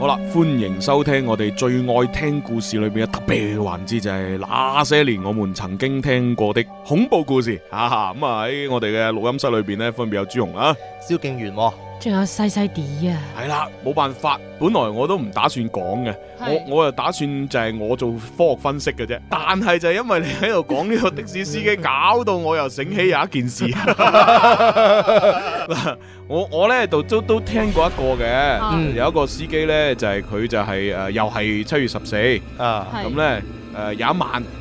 好啦，歡迎收聽我哋最愛聽故事裏面嘅特別環節，就係那些年我們曾經聽過的恐怖故事哈哈，咁、啊、喺、啊、我哋嘅錄音室裏面呢，分別有朱紅啊、蕭敬元喎、哦。仲有細細啲啊！係啦，冇辦法，本來我都唔打算講嘅，我我又打算就係我做科學分析嘅啫。但係就係因為你喺度講呢個的士司機， 搞到我又醒起有一件事。嗱， 我我咧都都都聽過一個嘅，有一個司機咧就係、是、佢就係、是、誒、呃、又係七月十四啊，咁咧誒有一晚、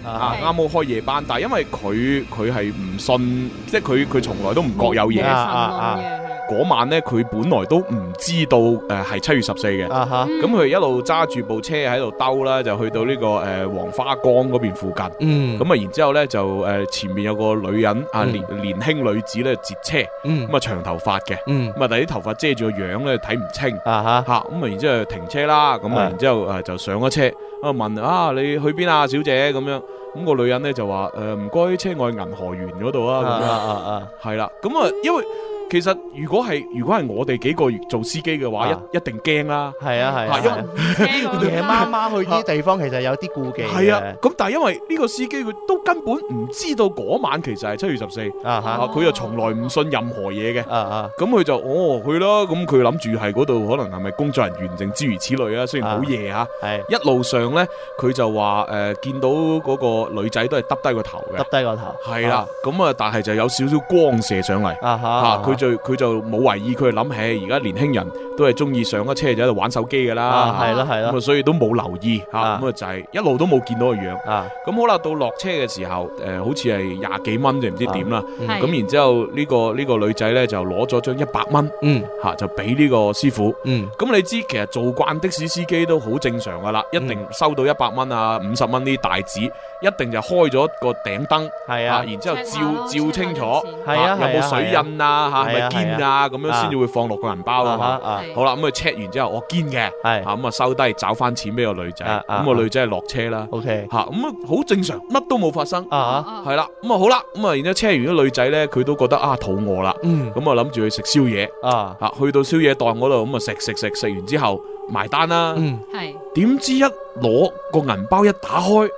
okay. 啊啱好開夜班，但係因為佢佢係唔信，即係佢佢從來都唔覺有嘢。啊啊啊嗰晚咧，佢本來都唔知道，誒係七月十四嘅。咁、uh、佢 -huh. 一路揸住部車喺度兜啦，就去到呢、這個誒、呃、黃花崗嗰邊附近。咁、uh、啊 -huh.，然之後咧就誒、呃、前面有個女人，uh -huh. 啊年年輕女子咧截車，咁、uh、啊 -huh. 長頭髮嘅，咁、uh、啊 -huh. 但啲頭髮遮住個樣咧睇唔清。吓、uh、咁 -huh. 啊，然之後就停車啦，咁、uh -huh. 啊，然之後誒就上咗車，啊問啊你去邊啊，小姐咁樣。咁、個女人咧就話誒唔該，呃、車外銀河園嗰度啊。係啦，咁、uh、啊 -huh. 因為。其實如果係如果係我哋幾個做司機嘅話，啊、一一定驚啦、啊。係啊係、啊、為啊啊 夜媽媽去啲地方其實有啲顧忌。係啊，咁、啊、但係因為呢個司機佢都根本唔知道嗰晚其實係七月十四、啊。啊佢又從來唔信任何嘢嘅。咁、啊、佢、啊、就哦去咯，咁佢諗住係嗰度可能係咪工作人員諸如此類啊？雖然好夜啊，啊，一路上咧，佢就話誒、呃、見到嗰個女仔都係耷低個頭嘅，耷低個頭。係、啊、啦，咁啊，啊但係就有少少光射上嚟。啊佢就冇、啊、懷疑，佢諗起而家年輕人都係中意上架車就喺度玩手機噶啦，係咯係咯，咁所以都冇留意吓，咁啊就係一路都冇見到個樣，咁、啊、好啦，到落車嘅時候，誒、呃，好似係廿幾蚊定唔知點啦，咁、啊嗯嗯、然之後呢、這個呢、這個女仔咧就攞咗張一百蚊，吓、嗯啊、就俾呢個師傅，咁、嗯嗯、你知其實做慣的士司機都好正常噶啦、嗯，一定收到一百蚊啊五十蚊啲大紙，一定就開咗個頂燈、嗯，啊然之後照清照清楚，係、嗯、啊，有冇水印啊、嗯啊係咪堅啊？咁、啊、樣先至會放落個銀包啊嘛。啊啊好啦，咁啊 check 完之後，我堅嘅，咁啊，啊、嗯、收低，找翻錢俾個女仔。咁、啊、個女仔係落車啦。OK，吓咁啊，啊，啊好正常，乜都冇發生。係、啊、啦、啊啊，咁啊好啦，咁啊然之後 check 完咗女仔咧，佢都覺得啊肚餓啦。咁啊諗住去食宵夜。吓、啊、去到宵夜檔嗰度，咁啊食食食食完之後埋單啦。點、嗯嗯啊、知一攞個銀包一打開，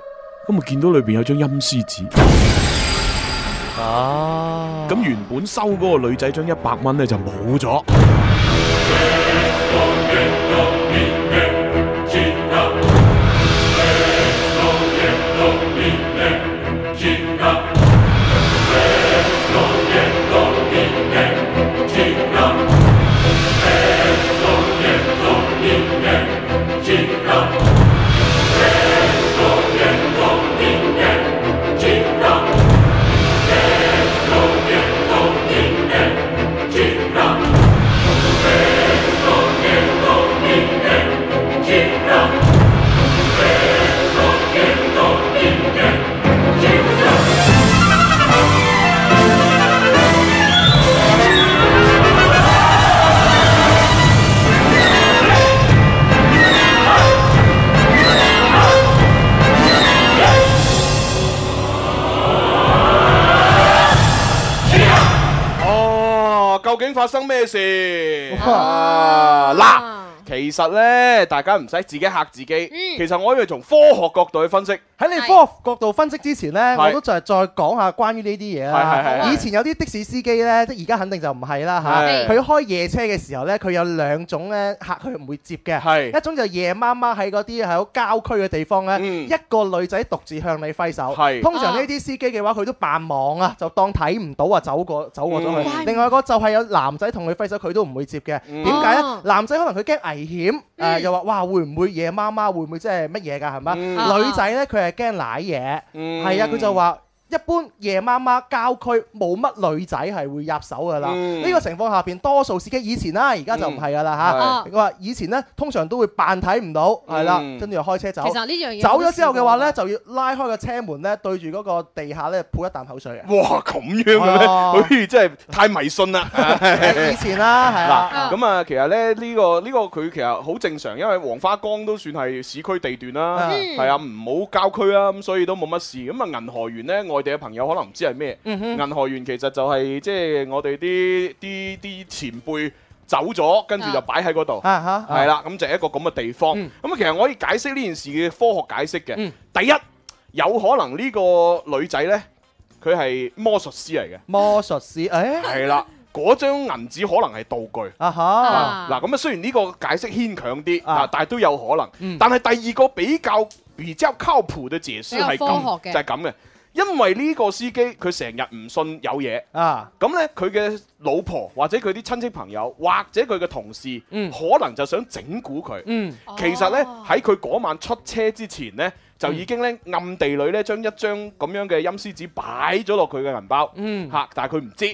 咁啊見到裏邊有張陰司紙。啊！咁原本收嗰個女仔張一百蚊咧，就冇咗。發生咩事？嗱！其實呢，大家唔使自己嚇自己。嗯、其實我以為從科學角度去分析。喺你科學角度分析之前呢，我都就再講下關於呢啲嘢。以前有啲的士司機呢，即而家肯定就唔係啦嚇。佢、啊、開夜車嘅時候呢，佢有兩種呢客佢唔會接嘅。一種就夜媽媽喺嗰啲喺郊區嘅地方呢，嗯、一個女仔獨自向你揮手。通常呢啲司機嘅話，佢都扮忙啊，就當睇唔到啊，走過走過咗去，嗯。另外一個就係有男仔同佢揮手，佢都唔會接嘅。點、嗯、解呢？啊、男仔可能佢驚危險。危險、呃嗯、又話哇會唔會夜媽媽會唔會即係乜嘢㗎係咪？嗯、女仔咧佢係驚奶嘢，係、嗯、啊佢就話。一般夜媽媽郊區冇乜女仔係會入手㗎啦，呢、嗯這個情況下邊多數司機以前啦，而家就唔係㗎啦嚇。佢、嗯、話、啊、以前呢，通常都會扮睇唔到，係、嗯、啦，跟住就開車走。其實呢樣嘢走咗之後嘅話呢，就要拉開個車門呢，對住嗰個地下呢，潑一啖口水。哇，咁樣嘅咩？好、啊、 真係太迷信啦。啊、 以前啦，係咁啊，啊、嗯，其實咧、這、呢個呢、這個佢其實好正常，因為黃花崗都算係市區地段啦，係、嗯、啊，唔好郊區啊，咁所以都冇乜事。咁啊銀河園呢。我。我哋嘅朋友可能唔知係咩，銀河員其實就係、是、即係我哋啲啲啲前輩走咗，跟住就擺喺嗰度，係、uh、啦 -huh. uh -huh. uh -huh.，咁就一個咁嘅地方。咁啊，其實我可以解釋呢件事嘅科學解釋嘅。Uh -huh. 第一，有可能呢個女仔呢，佢係魔術師嚟嘅。魔術師，誒 係啦，嗰張銀紙可能係道具。啊嗱，咁啊，雖然呢個解釋牽強啲啊，但係都有可能。Uh -huh. 但係第二個比較比較靠譜嘅解釋係咁，就係咁嘅。就是因為呢個司機佢成日唔信有嘢啊，咁呢佢嘅老婆或者佢啲親戚朋友或者佢嘅同事，嗯、可能就想整蠱佢。嗯、其實呢，喺佢嗰晚出車之前呢，就已經呢暗地裏咧將一張咁樣嘅陰司紙擺咗落佢嘅銀包，吓、嗯，但係佢唔知。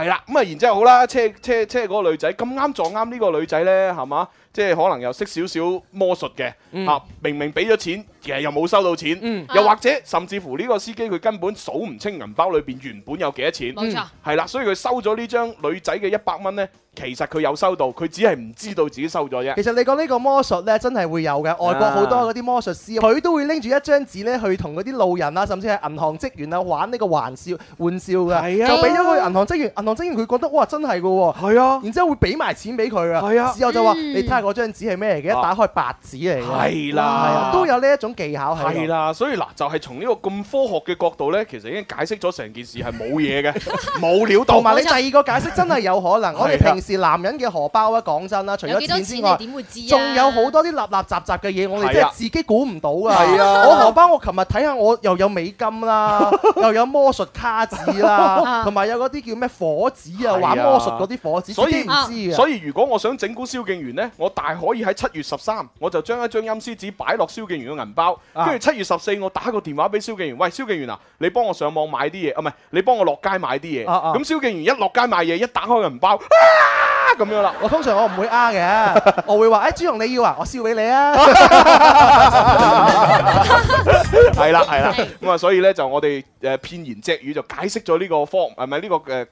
係啦，咁啊，然之後好啦，車車車嗰個女仔咁啱撞啱呢個女仔呢，係嘛？即係可能又識少少魔術嘅，嚇、嗯啊、明明俾咗錢，其實又冇收到錢，嗯、又或者、啊、甚至乎呢個司機佢根本數唔清銀包裏邊原本有幾多錢，冇、嗯、錯，係啦，所以佢收咗呢張女仔嘅一百蚊呢，其實佢有收到，佢只係唔知道自己收咗啫。其實你講呢個魔術呢，真係會有嘅，外國好多嗰啲魔術師，佢、啊、都會拎住一張紙呢去同嗰啲路人啊，甚至係銀行職員啊玩呢個玩笑玩笑嘅，啊、就俾咗個銀行職員，銀行職員佢覺得哇真係嘅喎，係啊，然之後會俾埋錢俾佢啊，之後就話、嗯、你睇。嗰張紙係咩嚟嘅？一、啊、打開白紙嚟，係啦、啊，都有呢一種技巧係啦。所以嗱，就係、是、從呢個咁科學嘅角度呢，其實已經解釋咗成件事係冇嘢嘅，冇料到。同埋你第二個解釋真係有可能。啊、我哋平時男人嘅荷包啊，講真啦，除咗錢之外，仲有好多啲立立雜雜嘅嘢，我哋真係自己估唔到啊，我荷包，我琴日睇下我又有美金啦， 又有魔術卡紙啦，同 埋有嗰啲叫咩火紙啊，玩、啊、魔術嗰啲火紙，所以唔知啊。所以如果我想整蠱蕭敬源呢。我大可以喺七月十三，我就將一張陰司紙擺落蕭敬元嘅銀包，跟住七月十四，我打個電話俾蕭敬元，喂，蕭敬元啊，你幫我上網買啲嘢，唔、啊、係你幫我落街買啲嘢。咁、啊、蕭敬元一落街買嘢，一打開銀包，咁、啊、樣啦。我通常我唔會呃嘅、 哎，我會話，誒朱紅你要啊，我燒俾你啊。 係 啦，係啦，咁啊、嗯，所以咧 就我哋誒、呃、片言隻語就解釋咗呢個科、呃，係咪呢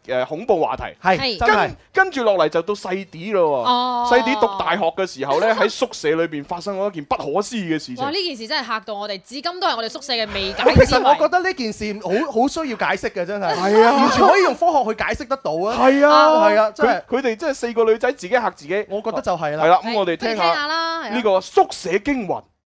個、呃、恐怖話題？係，真係跟住落嚟就到細啲咯喎。哦，細啲讀大學嘅時候咧，喺宿舍裏面發生咗一件不可思議嘅事情。呢件事真係嚇到我哋，至今都係我哋宿舍嘅未解之謎。其實我覺得呢件事好好需要解釋嘅，真係。係啊， 完全可以用科學去解釋得到啊。係啊，啊，佢哋真係四個女仔自己嚇自己。我覺得就係啦。係、啊、啦，咁、嗯、我哋聽下呢、呢個呢個宿舍驚魂。